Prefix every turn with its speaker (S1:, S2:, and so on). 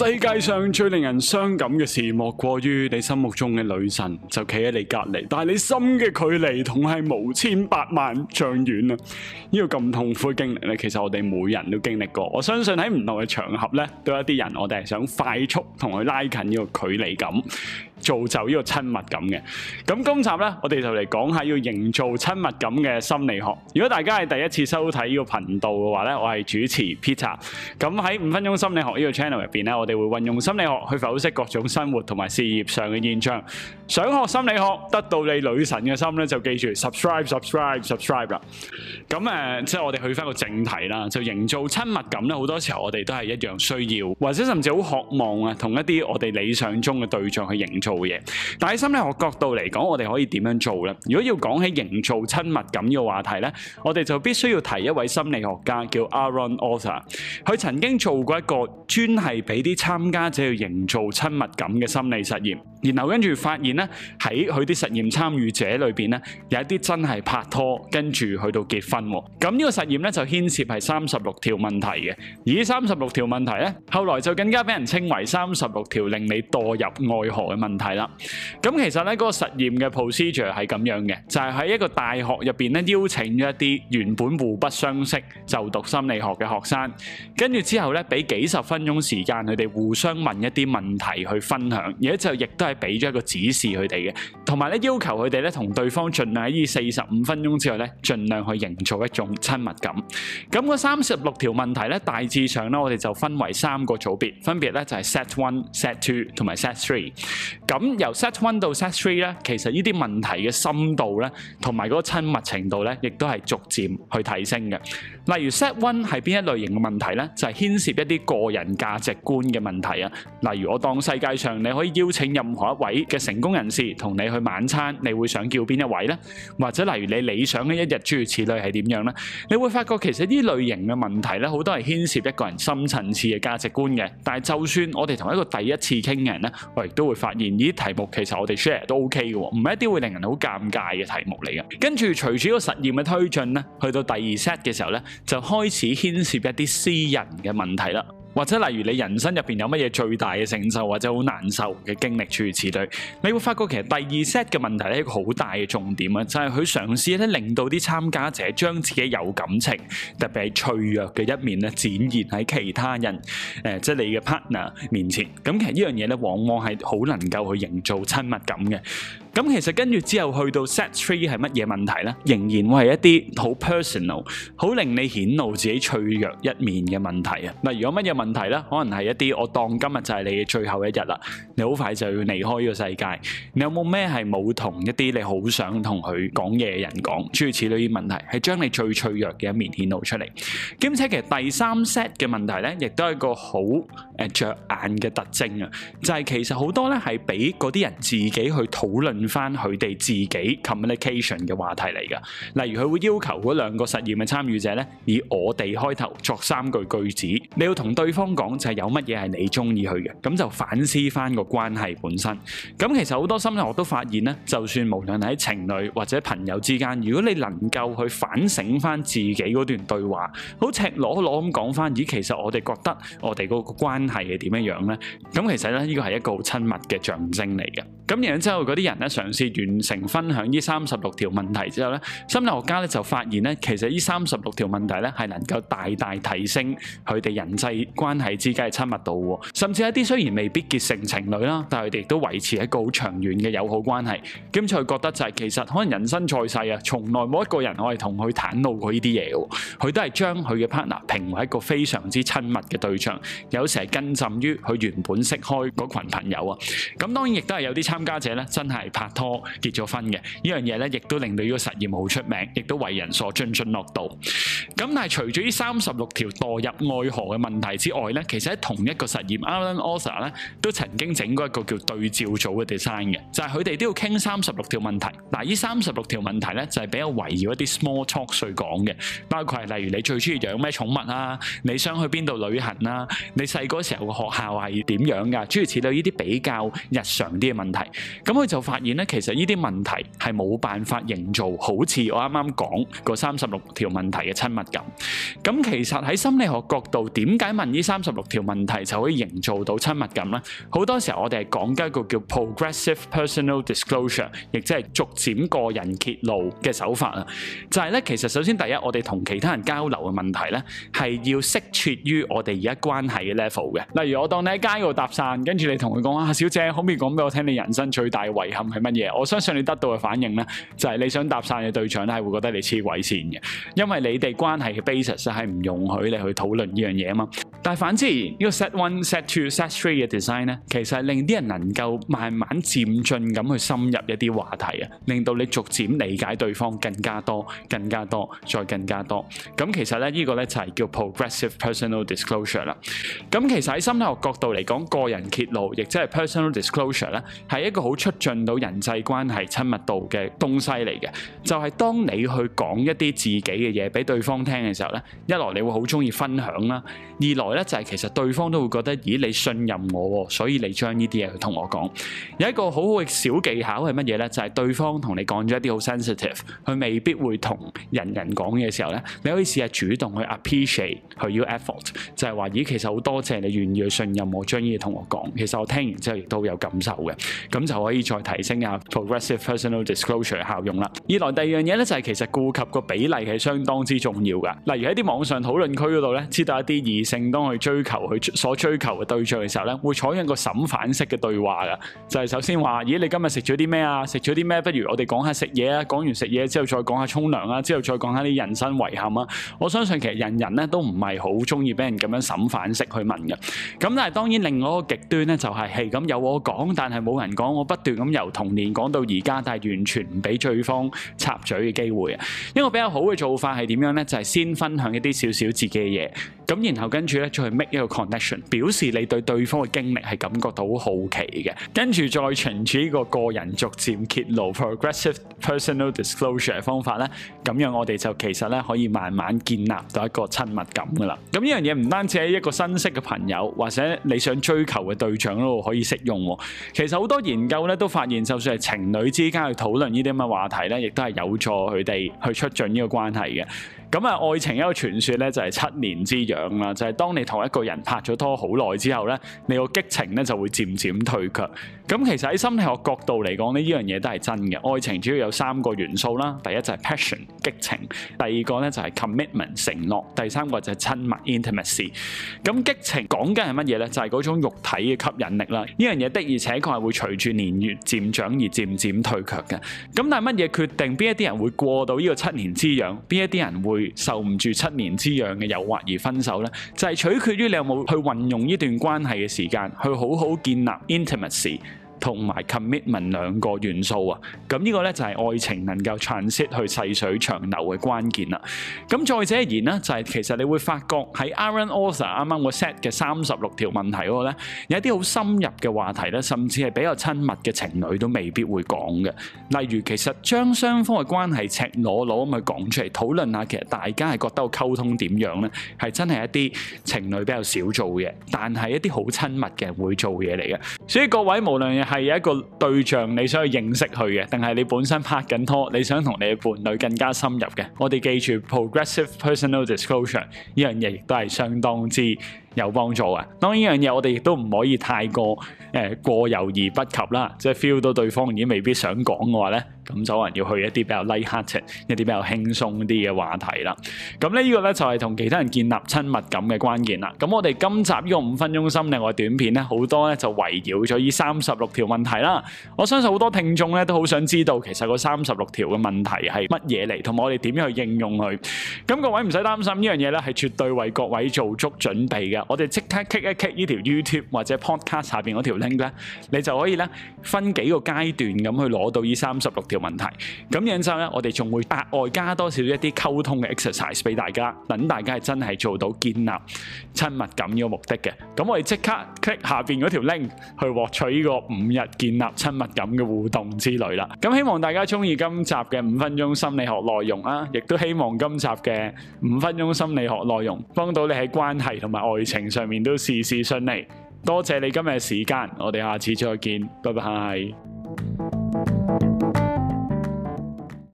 S1: 世界上最令人傷感嘅事，莫過於你心目中嘅女神就企喺你隔籬，但係你心嘅距離，同係無千百萬丈遠啊！呢個咁痛苦經歷咧，其實我哋每人都經歷過。我相信喺唔同嘅場合咧，都有一啲人我哋係想快速同佢拉近呢個距離感，造就呢個親密感嘅。咁今集咧，我哋就嚟講下要營造親密感嘅心理學。如果大家係第一次收睇呢個頻道嘅話咧，我係主持 Peter。咁喺五分鐘心理學呢個 channel 入邊咧，我。我哋會運用心理學去剖析各種生活同埋事業上嘅現象。想學心理學，得到你女神嘅心咧，就記住 subscribe, subscribe, subscribe、subscribe、subscribe 啦。咁誒，即係我哋去翻個正題啦，就營造親密感咧。好多時候我哋都係一樣需要，或者甚至好渴望啊，同一啲我哋理想中嘅對象去營造嘢。但喺心理學角度嚟講，我哋可以點樣做呢？如果要講起營造親密感呢個話題，我哋就必須要提一位心理學家叫 Aaron Arthur，佢曾經做過一個專係俾啲參加者去營造親密感嘅心理實驗，然後跟住發現。喺佢啲實驗參與者裏邊咧，有一啲真係拍拖，跟住去到結婚。咁呢個實驗咧就牽涉係三十六條問題嘅，而三十六條問題咧，後來就更加俾人稱為三十六條令你墮入愛河嘅問題啦。咁其實咧，個實驗嘅 procedure 係咁樣嘅，就係喺一個大學入邊咧邀請咗一啲原本互不相識就讀心理學嘅學生，跟住之後咧俾幾十分鐘時間佢哋互相問一啲問題去分享，而且就亦都係俾咗一個指示。佢哋嘅。同埋咧，要求佢哋咧同對方盡量喺呢四十五分鐘之內咧，盡量去營造一種親密感。咁個三十六條問題咧，大致上咧，我哋就分為三個組別，分別咧就係 set one、set two 同埋 set three。咁由 set one 到 set three 咧，其實呢啲問題嘅深度咧，同埋嗰個親密程度咧，亦都係逐漸去提升嘅。例如 set one 係邊一類型嘅問題咧，就係牽涉一啲個人價值觀嘅問題啊。例如我當世界上你可以邀請任何一位嘅成功人士同你去晚餐你會想叫邊一位呢？或者例如你理想嘅一日諸如此類係點樣呢？你會發覺，其實呢類型嘅問題咧，好多係牽涉一個人深層次嘅價值觀嘅。但係就算我哋同一個第一次傾嘅人咧，我亦都會發現呢啲題目其實我哋 share 都 OK 嘅，唔係一啲會令人好尷尬嘅題目嚟嘅。跟住隨住個實驗嘅推進咧，去到第二 set 嘅時候咧，就開始牽涉一啲私人嘅問題啦。或者例如你人生入邊有乜嘢最大嘅成就或者好難受嘅經歷，諸如此類，你會發覺其實第二 set 嘅問題咧，一個好大嘅重點啊，就係佢嘗試咧，令到啲參加者將自己有感情，特別係脆弱嘅一面咧，展現喺其他人，誒，即係你嘅 partner 面前。咁其實呢樣嘢咧，往往係好能夠去營造親密感嘅。咁其實跟住之後去到 set three 係乜嘢問題呢？仍然會係一啲好 personal、好令你顯露自己脆弱一面嘅問題啊！嗱，如果乜嘢問題呢，可能係一啲我當今日就係你嘅最後一日啦，你好快就要離開呢個世界，你有冇咩係冇同一啲你好想同佢講嘢嘅人講？諸如此類啲問題，係將你最脆弱嘅一面顯露出嚟。兼且其實第三 set 嘅問題呢，亦都係一個好誒着眼嘅特徵啊！就係其實好多呢係俾嗰啲人自己去討論。翻佢哋自己 communication 嘅話題嚟嘅，例如佢會要求嗰兩個實驗嘅參與者咧，以我哋開頭作三句句子，你要同對方講就係有乜嘢係你中意佢嘅，咁就反思翻個關係本身。咁其實好多心理學都發現咧，就算無論喺情侶或者朋友之間，如果你能夠去反省翻自己嗰段對話，好赤裸裸咁講翻，咦，其實我哋覺得我哋嗰個關係係點樣樣咧？咁其實咧，呢個係一個好親密嘅象徵嚟嘅。咁然之後，嗰啲人咧嘗試完成分享呢三十六條問題之後咧，心理學家咧就發現咧，其實呢三十六條問題咧係能夠大大提升佢哋人際關係之間嘅親密度喎，甚至一啲雖然未必結成情侶啦，但係佢哋亦都維持一個好長遠嘅友好關係。咁佢覺得就係其實可能人生在世啊，從來冇一個人可以同佢坦露過呢啲嘢嘅，佢都係將佢嘅 partner 評為一個非常之親密嘅對象，有時係更甚於佢原本識開嗰羣朋友啊。咁當然亦都係有啲參參加者咧真係拍拖結咗婚嘅，依樣嘢咧亦都令到依個實驗好出名，亦都為人所津津樂道。咁但係除咗依三十六條墮入愛河嘅問題之外咧，其實喺同一個實驗，Arthur Aron 咧都曾經整過一個叫對照組嘅 design 嘅，就係佢哋都要傾三十六條問題。嗱，依三十六條問題咧就係比較圍繞一啲 small talk 去講嘅，包括係例如你最中意養咩寵物啊，你想去邊度旅行啊，你細個時候嘅學校係點樣噶，諸如此類依啲比較日常啲嘅問題。咁佢就發現咧，其實呢啲問題係冇辦法營造好似我啱啱講嗰三十六條問題嘅親密感。咁其實喺心理學角度，點解問呢三十六條問題就可以營造到親密感咧？好多時候我哋係講緊一個叫 progressive personal disclosure，亦即係逐漸個人揭露嘅手法啊。就係咧，其實首先第一，我哋同其他人交流嘅問題咧，係要適切於我哋而家關係嘅 level 嘅。例如我當你喺街度搭訕，跟住你同佢講啊，小姐，可唔可以講俾我聽你人真最大遺憾係乜嘢？我相信你得到嘅反應呢，就係你想搭訕嘅對象咧，係會覺得你黐鬼線嘅，因為你哋關係嘅 basis 係唔容許你去討論呢樣嘢啊嘛。但係反之，這個、Z 1, Z 2, Z 的呢個 set one, set two, set three 嘅 design 其實係令啲人能夠慢慢漸進咁去深入一啲話題啊，令到你逐漸理解對方更加多、更加多、再更加多。咁其實咧，呢個呢就係叫 progressive personal disclosure 啦。咁其實喺心理學角度嚟講，個人揭露，亦即係 personal disclosure 係一個好促進到人際關係親密度嘅東西嚟嘅，就係當你去講一啲自己嘅嘢俾對方聽嘅時候呢，一來你會好中意分享啦，二來呢就係其實對方都會覺得，咦，你信任我，所以你將呢啲嘢去同我講。有一個好好嘅小技巧係乜嘢呢？就係對方同你講咗一啲好 sensitive，佢未必會同人人講嘅時候呢，你可以試下主動去 appreciate 佢，your effort，就係話，咦，其實好多謝你願意去信任我，將呢啲嘢同我講，其實我聽完之後亦都會有感受嘅。咁就可以再提升下 progressive personal disclosure 嘅效用啦。二來第二樣嘢咧就係其實顧及個比例係相當之重要㗎。例如喺啲網上討論區嗰度咧，知道一啲異性當去追求佢所追求嘅對象嘅時候咧，會採用個審反式嘅對話㗎。就係首先話，咦，你今日食咗啲咩啊？食咗啲咩？不如我哋講下食嘢啊。講完食嘢之後再講下沖涼啊。之後再講下啲人生遺憾啊。我相信其實人人咧都唔係好鍾意俾人咁樣審反式去問㗎。咁但係當然另外一個極端咧就係係咁有我講，但係冇人。講我不斷咁由童年講到而家，但係完全唔俾對方插嘴嘅機會啊！一個比較好嘅做法係點樣呢？就係、是、先分享一啲少少自己嘅嘢。咁然後跟住咧，再去 make 一個 connection，表示你對對方嘅經歷係感覺到好好奇嘅。跟住再循住呢個個人逐漸揭露 progressive personal disclosure 嘅方法咧，咁樣我哋就其實咧可以慢慢建立到一個親密感噶啦。咁呢樣嘢唔單止喺一個新識嘅朋友或者你想追求嘅對象都可以適用。其實好多研究咧都發現，就算係情侶之間去討論呢啲咁嘅話題咧，亦都係有助佢哋去促進呢個關係嘅。咁啊，愛情一個傳說咧就係七年之癢啦，就係當你同一個人拍咗拖好耐之後咧，你個激情咧就會漸漸退卻，咁其實喺心理學角度嚟講咧，呢樣嘢都係真嘅。愛情主要有三個元素啦，第一就係 passion 激情，第二個咧就係 commitment 承諾，第三個就係親密 intimacy。咁激情講緊係乜嘢咧？就係嗰種肉體嘅吸引力啦。呢樣嘢的而且確係會隨住年月漸長而漸漸退卻嘅。咁但係乜嘢決定邊一啲人會過到呢個七年之癢，邊一啲人會。受唔住七年之癢嘅誘惑而分手咧，就係取決於你有冇去運用呢段關係嘅時間，去好好建立 intimacy。同埋 commitment 兩個元素啊，咁呢個咧就係愛情能夠 transit 去細水長流嘅關鍵啦。咁再者而言咧，就係其實你會發覺喺 Aaron Osa 啱啱我 set 嘅三十六條問題嗰個咧，有一啲好深入嘅話題咧，甚至係比較親密嘅情侶都未必會講嘅。例如其實將雙方嘅關係赤裸裸咁去講出嚟討論下，其實大家係覺得溝通點樣咧，係真係一啲情侶比較少做嘅，但係一啲好親密嘅人會做嘢嚟嘅。所以各位無論係，係一個對象你想去認識佢嘅，定係你本身拍緊拖，你想同你嘅伴侶更加深入嘅？我哋記住 progressive personal disclosure 呢樣嘢，亦都係相當之有幫助嘅。當然，呢樣嘢，我哋亦都唔可以太過誒過猶豫不及啦，即係 feel 到對方已經未必想講嘅話咧，咁就可能要去一啲比較 light heart、一啲比較輕鬆啲嘅話題啦。咁咧，呢個咧就係同其他人建立親密感嘅關鍵啦。咁我哋今集呢個五分鐘心理學短片咧，好多咧就圍繞咗呢三十六條問題啦。我相信好多聽眾咧都好想知道，其實嗰三十六條嘅問題係乜嘢嚟，同埋我哋點樣去應用佢。咁各位唔使擔心，呢樣嘢咧係絕對為各位做足準備嘅。我哋即刻 click 一 click 呢條 YouTube 或者 Podcast 下邊嗰條 link 咧，你就可以咧分幾個階段咁去攞到呢三十六條問題。咁然之後咧，我哋仲會額外加多少少一啲溝通嘅 exercise 俾大家，等大家係真係做到建立親密感嘅目的嘅。咁我哋即刻 click 下邊嗰條 link 去獲取呢個五日建立親密感嘅互動之旅啦。咁希望大家中意今集嘅五分鐘心理學內容啊，亦都希望今集嘅五分鐘心理學內容幫到你喺關係同埋愛情情上面都事事順利，多謝你今日嘅時間，我哋下次再見，拜拜。